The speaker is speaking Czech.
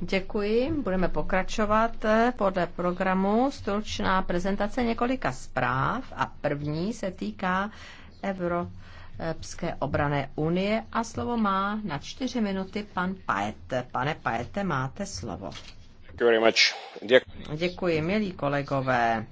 Děkuji, budeme pokračovat eh, podle programu stručná prezentace několika zpráv a první se týká Evropské obrané unie a slovo má na čtyři minuty pan Paete. Pane Paete, máte slovo. Děkuji, milí kolegové.